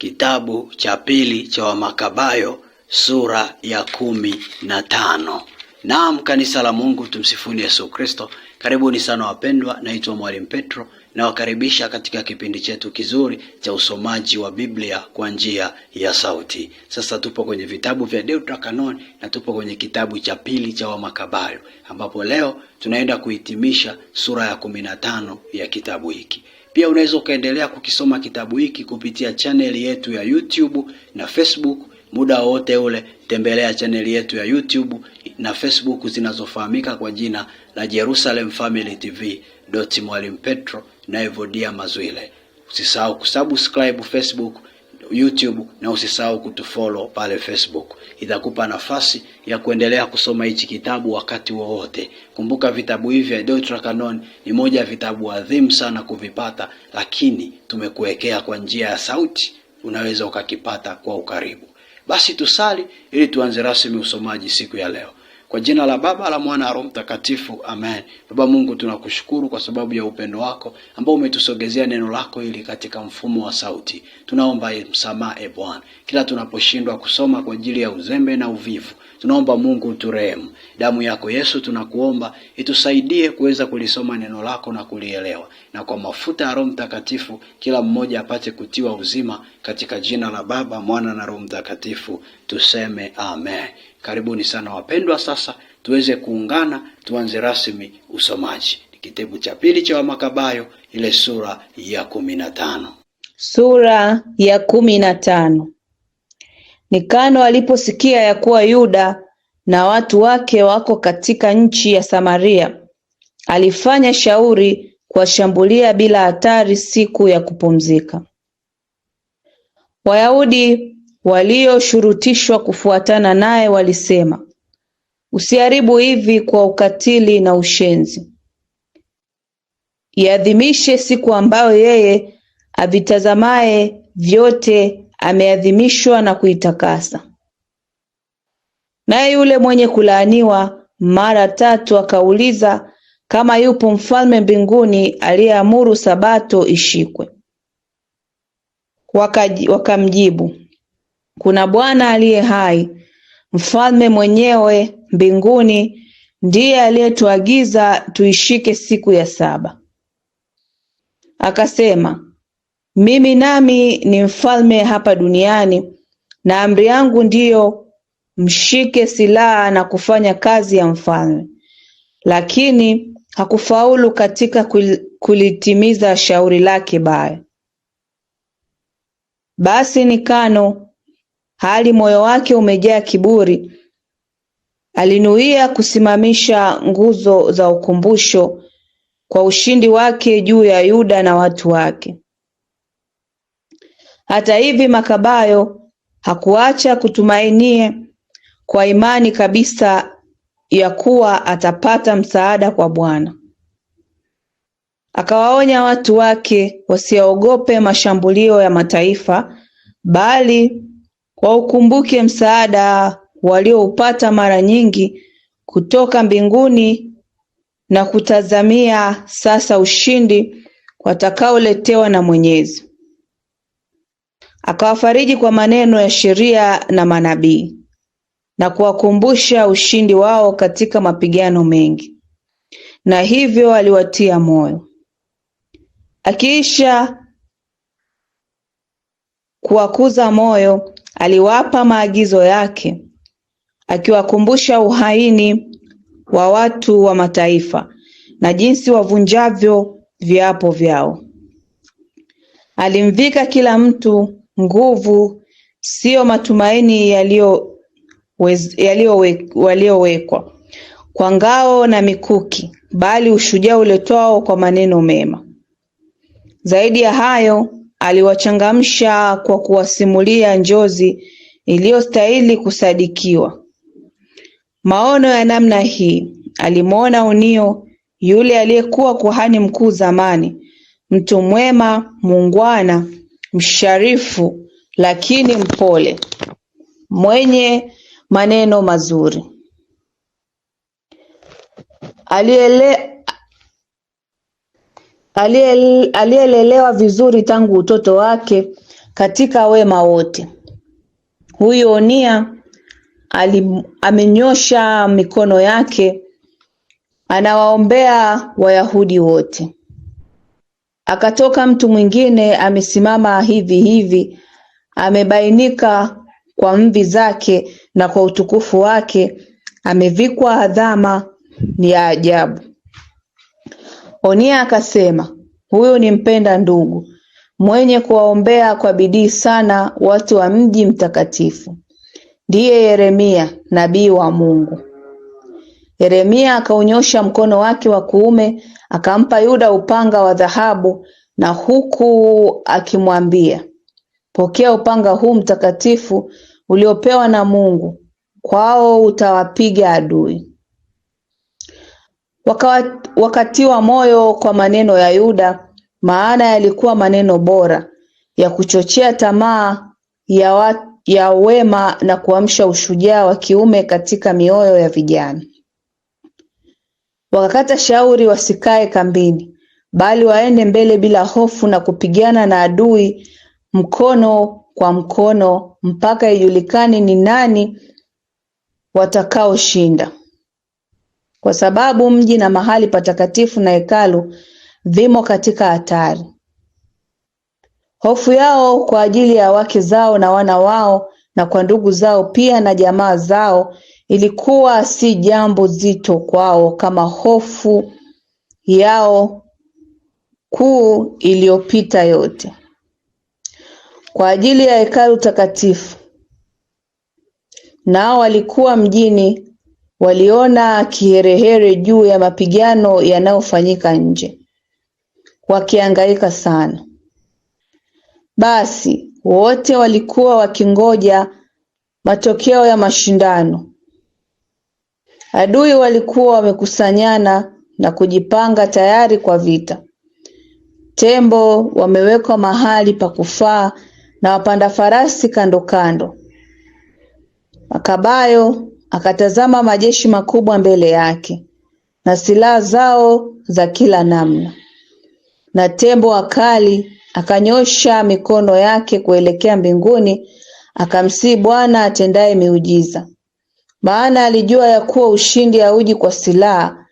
Kitabu cha pili cha Wamakabayo sura ya kumi na tano. Naam, kanisa la Mungu, tumsifuni Yesu Kristo. Karibuni sana wapendwa, naitwa Mwalimu Petro, nawakaribisha katika kipindi chetu kizuri cha usomaji wa Biblia kwa njia ya sauti. Sasa tupo kwenye vitabu vya Deuterokanoni na tupo kwenye kitabu cha pili cha Wamakabayo, ambapo leo tunaenda kuhitimisha sura ya kumi na tano ya kitabu hiki. Pia unaweza ukaendelea kukisoma kitabu hiki kupitia chaneli yetu ya YouTube na Facebook. Muda wowote ule tembelea chaneli yetu ya YouTube na Facebook zinazofahamika kwa jina la Jerusalem Family TV doti Mwalimu Petro na Evodia Mazwile. Usisahau kusubscribe Facebook YouTube na usisahau kutufollow pale Facebook. Itakupa nafasi ya kuendelea kusoma hichi kitabu wakati wowote. Kumbuka vitabu hivi vya Deuterocanon ni moja ya vitabu adhimu sana kuvipata, lakini tumekuwekea kwa njia ya sauti, unaweza ukakipata kwa ukaribu. Basi tusali ili tuanze rasmi usomaji siku ya leo. Kwa jina la Baba la Mwana na Roho Mtakatifu, amen. Baba Mungu, tunakushukuru kwa sababu ya upendo wako ambao umetusogezea neno lako hili katika mfumo wa sauti. Tunaomba e, msamaha e Bwana, kila tunaposhindwa kusoma kwa ajili ya uzembe na uvivu, tunaomba Mungu turehemu. Damu yako Yesu tunakuomba itusaidie kuweza kulisoma neno lako na kulielewa, na kwa mafuta ya Roho Mtakatifu kila mmoja apate kutiwa uzima, katika jina la Baba Mwana na Roho Mtakatifu tuseme amen. Karibuni sana wapendwa, sasa tuweze kuungana tuanze rasmi usomaji. Ni kitabu cha pili cha Wamakabayo ile sura ya kumi na tano. Sura ya kumi na tano. Nikano aliposikia ya kuwa Yuda na watu wake wako katika nchi ya Samaria, alifanya shauri kuwashambulia bila hatari siku ya kupumzika. Wayahudi walioshurutishwa kufuatana naye walisema usiharibu hivi kwa ukatili na ushenzi. Iadhimishe siku ambayo yeye avitazamaye vyote ameadhimishwa na kuitakasa. Naye yule mwenye kulaaniwa mara tatu akauliza kama yupo mfalme mbinguni aliyeamuru sabato ishikwe. Wakamjibu, kuna Bwana aliye hai, mfalme mwenyewe mbinguni, ndiye aliyetuagiza tuishike siku ya saba. Akasema, mimi nami ni mfalme hapa duniani, na amri yangu ndiyo mshike silaha na kufanya kazi ya mfalme. Lakini hakufaulu katika kulitimiza shauri lake baya. Basi Nikano hali moyo wake umejaa kiburi alinuia kusimamisha nguzo za ukumbusho kwa ushindi wake juu ya Yuda na watu wake. Hata hivi Makabayo hakuacha kutumainie kwa imani kabisa ya kuwa atapata msaada kwa Bwana. Akawaonya watu wake wasiogope mashambulio ya mataifa bali waukumbuke msaada walioupata mara nyingi kutoka mbinguni na kutazamia sasa ushindi watakaoletewa na Mwenyezi. Akawafariji kwa maneno ya sheria na manabii na kuwakumbusha ushindi wao katika mapigano mengi, na hivyo aliwatia moyo. Akiisha kuwakuza moyo, aliwapa maagizo yake, akiwakumbusha uhaini wa watu wa mataifa na jinsi wavunjavyo viapo vyao. Alimvika kila mtu nguvu, siyo matumaini yaliyowekwa kwa ngao na mikuki, bali ushujaa uletwao kwa maneno mema. Zaidi ya hayo aliwachangamsha kwa kuwasimulia njozi iliyostahili kusadikiwa Maono ya namna hii alimuona Unio yule aliyekuwa kuhani mkuu zamani mtu mwema muungwana msharifu lakini mpole mwenye maneno mazuri aliele aliyelelewa vizuri tangu utoto wake katika wema wote. Huyu Onia ali, amenyosha mikono yake anawaombea Wayahudi wote. Akatoka mtu mwingine amesimama hivi hivi, amebainika kwa mvi zake na kwa utukufu wake, amevikwa adhama ni ya ajabu. Onia akasema huyu ni mpenda ndugu mwenye kuwaombea kwa bidii sana watu wa mji mtakatifu, ndiye Yeremia nabii wa Mungu. Yeremia akaunyosha mkono wake wa kuume akampa Yuda upanga wa dhahabu, na huku akimwambia, pokea upanga huu mtakatifu uliopewa na Mungu, kwao utawapiga adui wakatiwa moyo kwa maneno ya Yuda maana yalikuwa maneno bora ya kuchochea tamaa ya wema na kuamsha ushujaa wa kiume katika mioyo ya vijana. Wakakata shauri wasikae kambini, bali waende mbele bila hofu na kupigana na adui mkono kwa mkono mpaka ijulikane ni nani watakaoshinda kwa sababu mji na mahali patakatifu na hekalu vimo katika hatari. Hofu yao kwa ajili ya wake zao na wana wao na kwa ndugu zao pia na jamaa zao ilikuwa si jambo zito kwao kama hofu yao kuu iliyopita yote kwa ajili ya hekalu takatifu. Nao walikuwa mjini Waliona kiherehere juu ya mapigano yanayofanyika nje, wakiangaika sana. Basi wote walikuwa wakingoja matokeo ya mashindano. Adui walikuwa wamekusanyana na kujipanga tayari kwa vita. Tembo wamewekwa mahali pa kufaa na wapanda farasi kando kando. Makabayo Akatazama majeshi makubwa mbele yake na silaha zao za kila namna, na tembo wakali. Akanyosha mikono yake kuelekea mbinguni, akamsii Bwana atendaye miujiza, maana alijua ya kuwa ushindi hauji kwa silaha,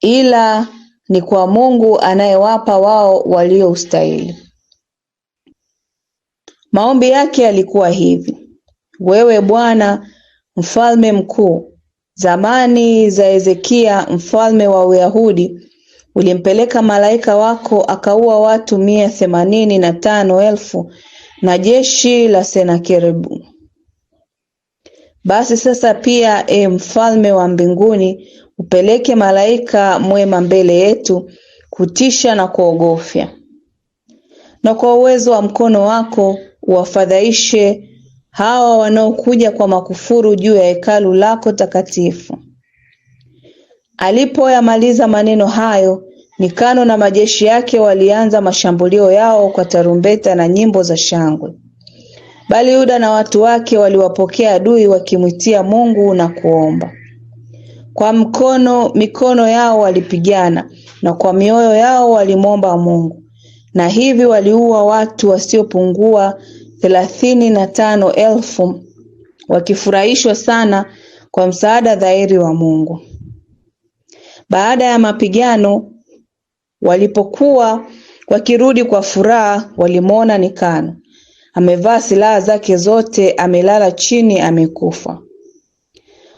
ila ni kwa Mungu anayewapa wao walioustahili. Maombi yake yalikuwa hivi: Wewe Bwana mfalme mkuu Zamani za Hezekia mfalme wa Uyahudi ulimpeleka malaika wako akaua watu mia themanini na tano elfu na jeshi la Senakeribu. Basi sasa pia, e mfalme wa mbinguni, upeleke malaika mwema mbele yetu kutisha na kuogofya, na kwa uwezo wa mkono wako uwafadhaishe hawa wanaokuja kwa makufuru juu ya hekalu lako takatifu. Alipoyamaliza maneno hayo, Nikano na majeshi yake walianza mashambulio yao kwa tarumbeta na nyimbo za shangwe, bali Yuda na watu wake waliwapokea adui wakimwitia Mungu na kuomba. Kwa mkono mikono yao walipigana na kwa mioyo yao walimwomba Mungu, na hivi waliua watu wasiopungua thelathini na tano elfu wakifurahishwa sana kwa msaada dhahiri wa Mungu. Baada ya mapigano, walipokuwa wakirudi kwa furaha, walimwona Nikano amevaa silaha zake zote, amelala chini, amekufa.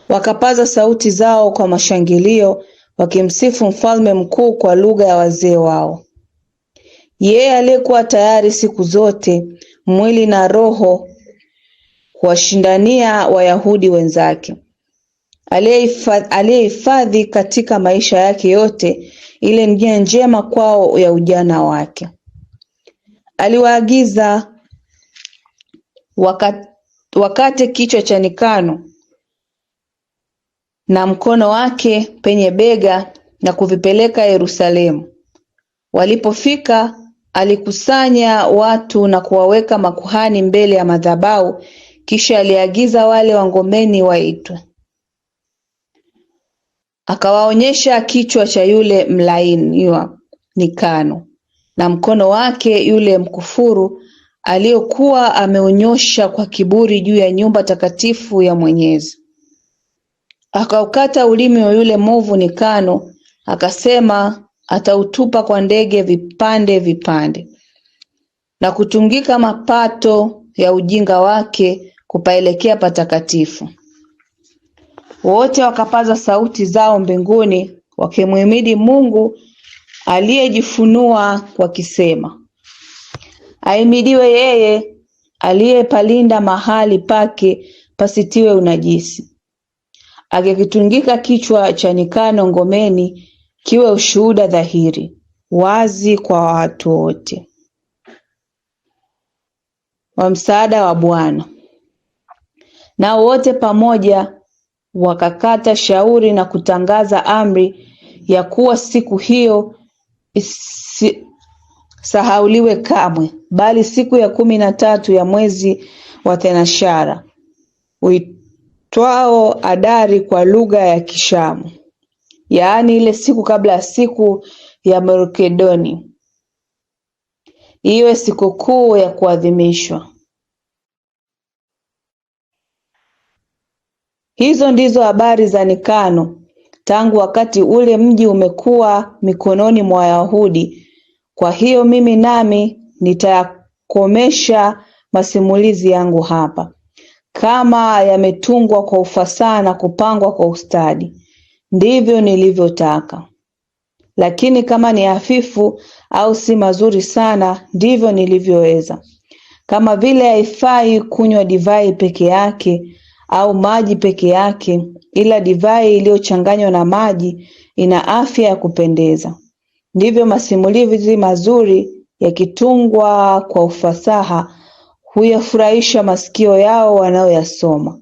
Wakapaza sauti zao kwa mashangilio, wakimsifu mfalme mkuu kwa lugha ya wazee wao, yeye aliyekuwa tayari siku zote mwili na roho kuwashindania Wayahudi wenzake aliyehifadhi katika maisha yake yote ile njia njema kwao ya ujana wake. Aliwaagiza wakate, wakate kichwa cha Nikano na mkono wake penye bega na kuvipeleka Yerusalemu. Walipofika Alikusanya watu na kuwaweka makuhani mbele ya madhabahu kisha aliagiza wale wangomeni waitwe akawaonyesha kichwa cha yule mlainiwa Nikano na mkono wake yule mkufuru aliyokuwa ameunyosha kwa kiburi juu ya nyumba takatifu ya Mwenyezi. Akaukata ulimi wa yule mwovu Nikano akasema, atautupa kwa ndege vipande vipande na kutungika mapato ya ujinga wake kupaelekea patakatifu. Wote wakapaza sauti zao mbinguni wakimhimidi Mungu aliyejifunua wakisema, ahimidiwe yeye aliyepalinda mahali pake pasitiwe unajisi, akikitungika kichwa cha nikano ngomeni kiwe ushuhuda dhahiri, wazi kwa watu wote wa msaada wa Bwana. Nao wote pamoja wakakata shauri na kutangaza amri ya kuwa siku hiyo isisahauliwe kamwe, bali siku ya kumi na tatu ya mwezi wa Thenashara uitwao Adari kwa lugha ya Kishamu yaani ile siku kabla ya siku ya Mercedoni iwe sikukuu ya kuadhimishwa. Hizo ndizo habari za Nikano. Tangu wakati ule mji umekuwa mikononi mwa Wayahudi. Kwa hiyo mimi nami nitayakomesha masimulizi yangu hapa, kama yametungwa kwa ufasaha na kupangwa kwa ustadi ndivyo nilivyotaka lakini kama ni hafifu au si mazuri sana ndivyo nilivyoweza. Kama vile haifai kunywa divai peke yake au maji peke yake, ila divai iliyochanganywa na maji ina afya ya kupendeza. Ndivyo masimulizi mazuri yakitungwa kwa ufasaha huyafurahisha masikio yao wanaoyasoma.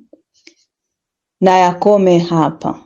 Na yakome hapa.